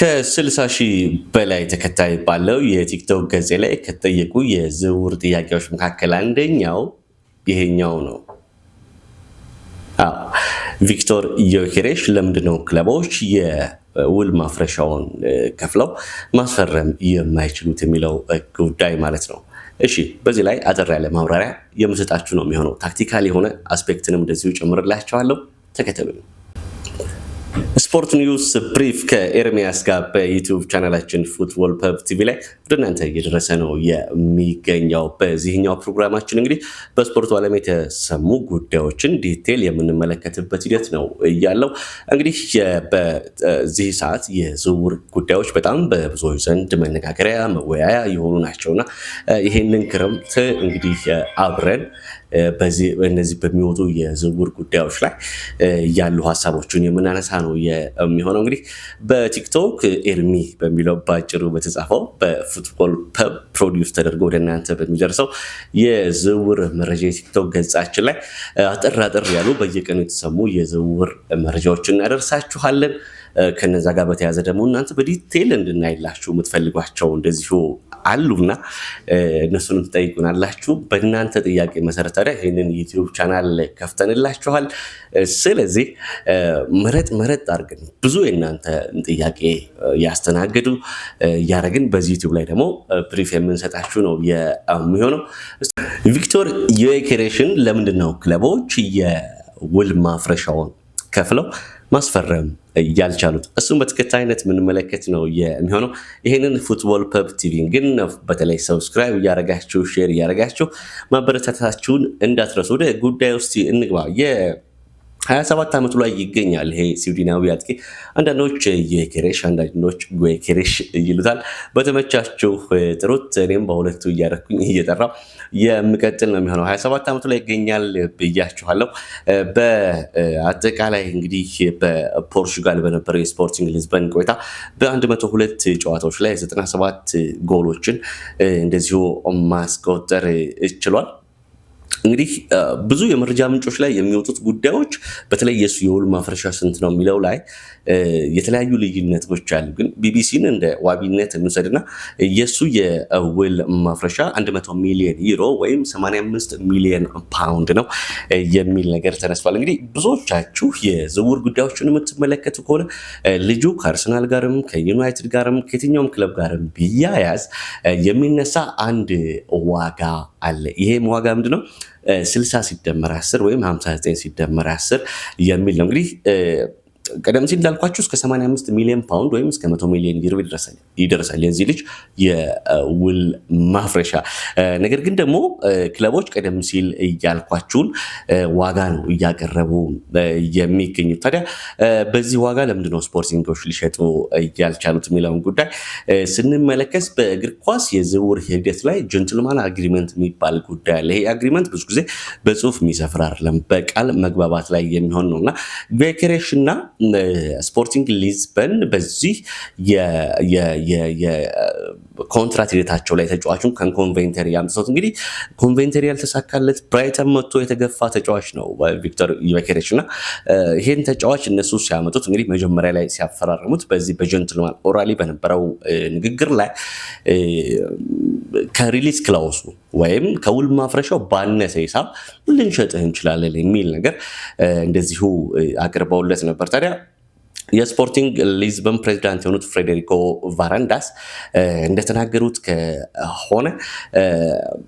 ከስልሳ ሺህ በላይ ተከታይ ባለው የቲክቶክ ገጼ ላይ ከተጠየቁ የዝውውር ጥያቄዎች መካከል አንደኛው ይሄኛው ነው። ቪክቶር ዮኬሬሽ ለምንድን ክለቦች የውል ማፍረሻውን ከፍለው ማስፈረም የማይችሉት የሚለው ጉዳይ ማለት ነው። እሺ በዚህ ላይ አጠር ያለ ማብራሪያ የምሰጣችሁ ነው የሚሆነው። ታክቲካል የሆነ አስፔክትንም እንደዚሁ ጨምርላቸዋለሁ። ተከተሉ። ስፖርት ኒውስ ብሪፍ ከኤርሚያስ ጋር በዩቱብ ቻናላችን ፉትቦል ፐብ ቲቪ ላይ ወደ እናንተ እየደረሰ ነው የሚገኘው። በዚህኛው ፕሮግራማችን እንግዲህ በስፖርቱ ዓለም የተሰሙ ጉዳዮችን ዲቴል የምንመለከትበት ሂደት ነው እያለው እንግዲህ በዚህ ሰዓት የዝውውር ጉዳዮች በጣም በብዙዎች ዘንድ መነጋገሪያ መወያያ የሆኑ ናቸውና ይህንን ክረምት እንግዲህ አብረን በእነዚህ በሚወጡ የዝውውር ጉዳዮች ላይ ያሉ ሀሳቦችን የምናነሳ ነው የሚሆነው። እንግዲህ በቲክቶክ ኤልሚ በሚለው ባጭሩ በተጻፈው በፉትቦል ፐብ ፕሮዲውስ ተደርጎ ወደ እናንተ በሚደርሰው የዝውውር መረጃ የቲክቶክ ገጻችን ላይ አጠር አጠር ያሉ በየቀኑ የተሰሙ የዝውውር መረጃዎችን እናደርሳችኋለን። ከነዛ ጋር በተያዘ ደግሞ እናንተ በዲቴል እንድናይላችሁ የምትፈልጓቸው እንደዚሁ አሉና እነሱንም ትጠይቁናላችሁ። በእናንተ ጥያቄ መሰረት ታዲያ ይህንን ዩቲዩብ ቻናል ከፍተንላችኋል። ስለዚህ መረጥ መረጥ አድርገን ብዙ የእናንተ ጥያቄ ያስተናግዱ እያደረግን በዚህ ዩቲዩብ ላይ ደግሞ ብሪፍ የምንሰጣችሁ ነው የሚሆነው። ቪክቶር ዩኤ ኪሬሽን ለምንድን ነው ክለቦች የውል ማፍረሻውን ከፍለው ማስፈረም እያልቻሉት እሱም በተከታይነት የምንመለከት ነው የሚሆነው። ይህንን ፉትቦል ፐብ ቲቪን ግን በተለይ ሰብስክራይብ እያረጋችሁ ሼር እያረጋችሁ ማበረታታችሁን እንዳትረሱ። ወደ ጉዳይ ውስጥ እንግባ። 27 ዓመቱ ላይ ይገኛል። ይሄ ስዊድናዊ አጥቂ አንዳንዶች የኬሬሽ አንዳንዶች ጎኬሬሽ ይሉታል። በተመቻችሁ ጥሩት። እኔም በሁለቱ እያደረኩኝ እየጠራው የሚቀጥል ነው የሚሆነው። 27 ዓመቱ ላይ ይገኛል ብያችኋለሁ። በአጠቃላይ እንግዲህ በፖርቹጋል በነበረው የስፖርቲንግ ሊዝበን ቆይታ በ102 ጨዋታዎች ላይ 97 ጎሎችን እንደዚሁ ማስቆጠር ችሏል። እንግዲህ ብዙ የመረጃ ምንጮች ላይ የሚወጡት ጉዳዮች በተለይ የሱ የውል ማፍረሻ ስንት ነው የሚለው ላይ የተለያዩ ልዩነቶች አሉ። ግን ቢቢሲን እንደ ዋቢነት እንውሰድና የእሱ የውል ማፍረሻ 100 ሚሊዮን ዩሮ ወይም 85 ሚሊዮን ፓውንድ ነው የሚል ነገር ተነስቷል። እንግዲህ ብዙዎቻችሁ የዝውውር ጉዳዮችን የምትመለከቱ ከሆነ ልጁ ከአርሰናል ጋርም ከዩናይትድ ጋርም ከየትኛውም ክለብ ጋርም ቢያያዝ የሚነሳ አንድ ዋጋ አለ። ይሄም ዋጋ ምንድን ነው? 60 ሲደመር 10 ወይም 59 ሲደመር 10 የሚል ነው እንግዲህ ቀደም ሲል እንዳልኳችሁ እስከ 85 ሚሊዮን ፓውንድ ወይም እስከ 100 ሚሊዮን ዩሮ ይደረሳል የዚህ ልጅ የውል ማፍረሻ። ነገር ግን ደግሞ ክለቦች ቀደም ሲል እያልኳችሁን ዋጋ ነው እያቀረቡ የሚገኙት። ታዲያ በዚህ ዋጋ ለምንድነው ስፖርቲንጎች ሊሸጡ እያልቻሉት የሚለውን ጉዳይ ስንመለከት በእግር ኳስ የዝውውር ሂደት ላይ ጀንትልማን አግሪመንት የሚባል ጉዳይ አለ። ይሄ አግሪመንት ብዙ ጊዜ በጽሁፍ የሚሰፍር አይደለም፣ በቃል መግባባት ላይ የሚሆን ነውና ቬኬሬሽና ስፖርቲንግ ሊዝበን በዚህ የኮንትራት ሂደታቸው ላይ ተጫዋቹን ከኮንቬንተሪ ያምጥቶት እንግዲህ ኮንቬንተሪ ያልተሳካለት ብራይተን መጥቶ የተገፋ ተጫዋች ነው ቪክተር ዮኬሬሽ እና ይህን ተጫዋች እነሱ ሲያመጡት እንግዲህ መጀመሪያ ላይ ሲያፈራርሙት በዚህ በጀንትልማን ኦራሊ በነበረው ንግግር ላይ ከሪሊዝ ክላውሱ ወይም ከውል ማፍረሻው ባነሰ ሂሳብ ልንሸጥህ እንችላለን የሚል ነገር እንደዚሁ አቅርበውለት ነበር። ታዲያ የስፖርቲንግ ሊዝበን ፕሬዚዳንት የሆኑት ፍሬዴሪኮ ቫራንዳስ እንደተናገሩት ከሆነ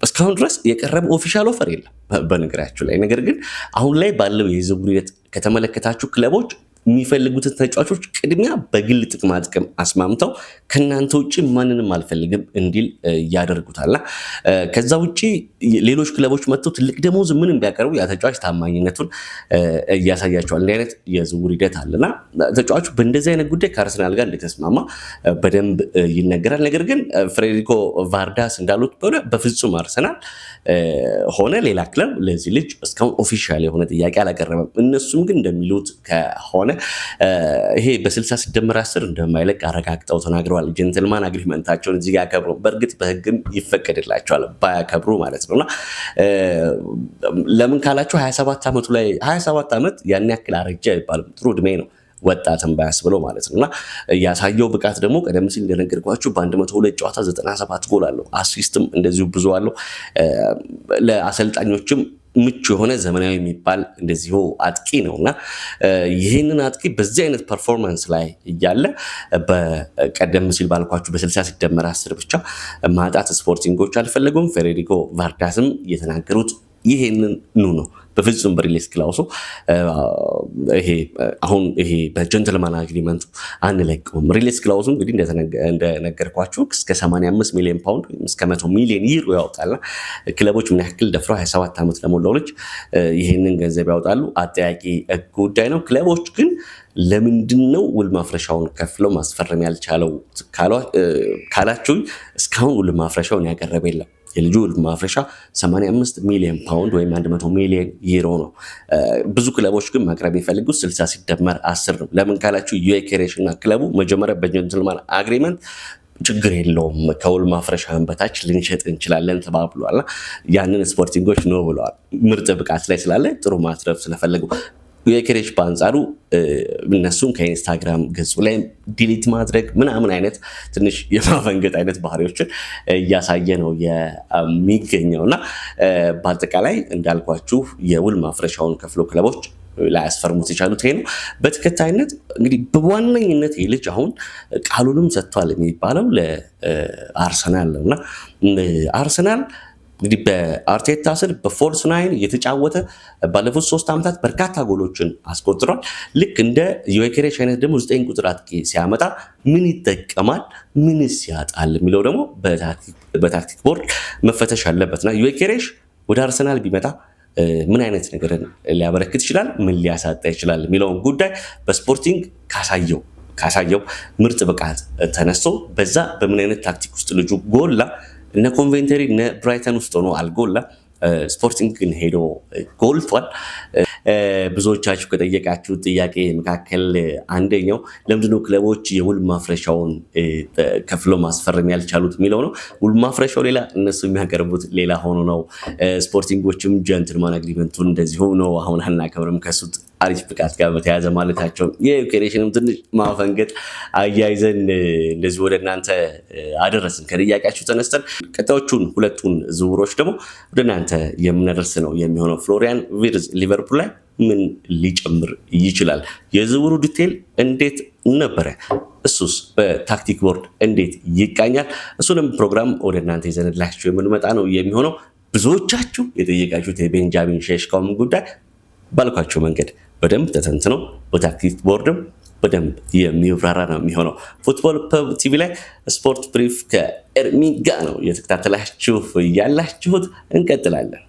እስካሁን ድረስ የቀረበ ኦፊሻል ኦፈር የለም በነገራችሁ ላይ። ነገር ግን አሁን ላይ ባለው የዝውውር ሂደት ከተመለከታችሁ ክለቦች የሚፈልጉትን ተጫዋቾች ቅድሚያ በግል ጥቅማ ጥቅም አስማምተው ከእናንተ ውጭ ማንንም አልፈልግም እንዲል ያደርጉታልና ከዛ ውጭ ሌሎች ክለቦች መጥተው ትልቅ ደሞዝ ምንም ቢያቀርቡ ያ ተጫዋች ታማኝነቱን እያሳያቸዋል። እንዲህ አይነት የዝውውር ሂደት አለና ተጫዋቹ በእንደዚህ አይነት ጉዳይ ከአርሰናል ጋር እንደተስማማ በደንብ ይነገራል። ነገር ግን ፍሬድሪኮ ቫርዳስ እንዳሉት በሆነ በፍጹም አርሰናል ሆነ ሌላ ክለብ ለዚህ ልጅ እስካሁን ኦፊሻል የሆነ ጥያቄ አላቀረበም። እነሱም ግን እንደሚሉት ከሆነ ስለሆነ ይሄ በስልሳ ሲደመር አስር እንደማይለቅ አረጋግጠው ተናግረዋል። ጀንትልማን አግሪመንታቸውን እዚህ ጋር ያከብሩ። በእርግጥ በህግም ይፈቀድላቸዋል ባያከብሩ ማለት ነው እና ለምን ካላቸው 27 ዓመቱ ላይ 27 ዓመት ያን ያክል አረጃ አይባልም። ጥሩ እድሜ ነው ወጣትን ባያስ ብለው ማለት ነው እና ያሳየው ብቃት ደግሞ ቀደም ሲል እንደነገርኳችሁ በ102 ጨዋታ 97 ጎል አለው። አሲስትም እንደዚሁ ብዙ አለው። ለአሰልጣኞችም ምቹ የሆነ ዘመናዊ የሚባል እንደዚሁ አጥቂ ነው እና ይህንን አጥቂ በዚህ አይነት ፐርፎርማንስ ላይ እያለ በቀደም ሲል ባልኳችሁ በስልሳ ሲደመር አስር ብቻ ማጣት ስፖርቲንጎች አልፈለጉም። ፌዴሪኮ ቫርዳስም የተናገሩት ይሄንን ኑ ነው በፍጹም በሪሌስ ክላውሶ ይሄ አሁን ይሄ በጀንትልማን አግሪመንቱ አንለቀውም። ሪሌስ ክላውሱ እንግዲህ እንደነገርኳችሁ እስከ 85 ሚሊዮን ፓውንድ እስከ 100 ሚሊዮን ይሩ ያወጣል ክለቦች ምን ያክል ደፍረው 27 ዓመት ለሞላው ልጅ ይህንን ገንዘብ ያወጣሉ? አጠያቂ ጉዳይ ነው። ክለቦች ግን ለምንድን ነው ውል ማፍረሻውን ከፍለው ማስፈረም ያልቻለው ካላችሁ እስካሁን ውል ማፍረሻውን ያቀረበ የለም። የልጁ ማፍረሻ 85 ሚሊዮን ፓውንድ ወይም 100 ሚሊዮን ዩሮ ነው። ብዙ ክለቦች ግን መቅረብ የፈልጉት 60 ሲደመር 10 ነው። ለምን ካላችሁ ዩኬሬሽ እና ክለቡ መጀመሪያ በጀንትልማን አግሪመንት ችግር የለውም ከውል ማፍረሻን በታች ልንሸጥ እንችላለን ተባብሏልና ያንን ስፖርቲንጎች ኖ ብለዋል። ምርጥ ብቃት ላይ ስላለ ጥሩ ማትረፍ ስለፈለጉ የኬሬጅ በአንጻሩ እነሱን ከኢንስታግራም ገጹ ላይ ዲሊት ማድረግ ምናምን አይነት ትንሽ የማፈንገጥ አይነት ባህሪዎችን እያሳየ ነው የሚገኘው እና በአጠቃላይ እንዳልኳችሁ የውል ማፍረሻውን ከፍሎ ክለቦች ላያስፈርሙት የቻሉት ይሄ ነው። በተከታይነት እንግዲህ በዋነኝነት ይህ ልጅ አሁን ቃሉንም ሰጥቷል የሚባለው ለአርሰናል ነው እና አርሰናል እንግዲህ በአርቴታ ስር በፎልስ ናይን እየተጫወተ ባለፉት ሶስት ዓመታት በርካታ ጎሎችን አስቆጥሯል። ልክ እንደ ዮኬሬሽ አይነት ደግሞ ዘጠኝ ቁጥር አጥቂ ሲያመጣ ምን ይጠቀማል፣ ምንስ ያጣል የሚለው ደግሞ በታክቲክ ቦርድ መፈተሽ አለበትና ዮኬሬሽ ወደ አርሰናል ቢመጣ ምን አይነት ነገርን ሊያበረክት ይችላል፣ ምን ሊያሳጣ ይችላል የሚለውን ጉዳይ በስፖርቲንግ ካሳየው ካሳየው ምርጥ ብቃት ተነስቶ በዛ በምን አይነት ታክቲክ ውስጥ ልጁ ጎላ እነ ኮንቬንተሪ ብራይተን ውስጥ ሆኖ አልጎላ ስፖርቲንግ ግን ሄዶ ጎልቷል። ብዙዎቻችሁ ከጠየቃችሁ ጥያቄ መካከል አንደኛው ለምንድነው ክለቦች የውል ማፍረሻውን ከፍሎ ማስፈረም ያልቻሉት የሚለው ነው። ውል ማፍረሻው ሌላ፣ እነሱ የሚያቀርቡት ሌላ ሆኖ ነው። ስፖርቲንጎችም ጀንትልማን አግሪመንቱን እንደዚሁ ነው አሁን አናከብርም ከሱት አሪፍ ብቃት ጋር በተያያዘ ማለታቸው የዩክሬሽንም ትንሽ ማፈንገጥ አያይዘን እንደዚህ ወደ እናንተ አደረስን። ከጥያቄያችሁ ተነስተን ቀጣዮቹን ሁለቱን ዝውውሮች ደግሞ ወደ እናንተ የምናደርስ ነው የሚሆነው። ፍሎሪያን ቪርዝ ሊቨርፑል ላይ ምን ሊጨምር ይችላል? የዝውውሩ ዲቴል እንዴት ነበረ? እሱስ በታክቲክ ቦርድ እንዴት ይቃኛል? እሱንም ፕሮግራም ወደ እናንተ ይዘንላችሁ የምንመጣ ነው የሚሆነው። ብዙዎቻችሁ የጠየቃችሁት የቤንጃሚን ሼሽኮውን ጉዳይ ባልኳቸው መንገድ በደንብ ተተንትኖ በታክቲክ ቦርድም በደንብ የሚብራራ ነው የሚሆነው። ፉትቦል ፐብ ቲቪ ላይ ስፖርት ብሪፍ ከኤርሚ ጋ ነው የተከታተላችሁ ያላችሁት። እንቀጥላለን።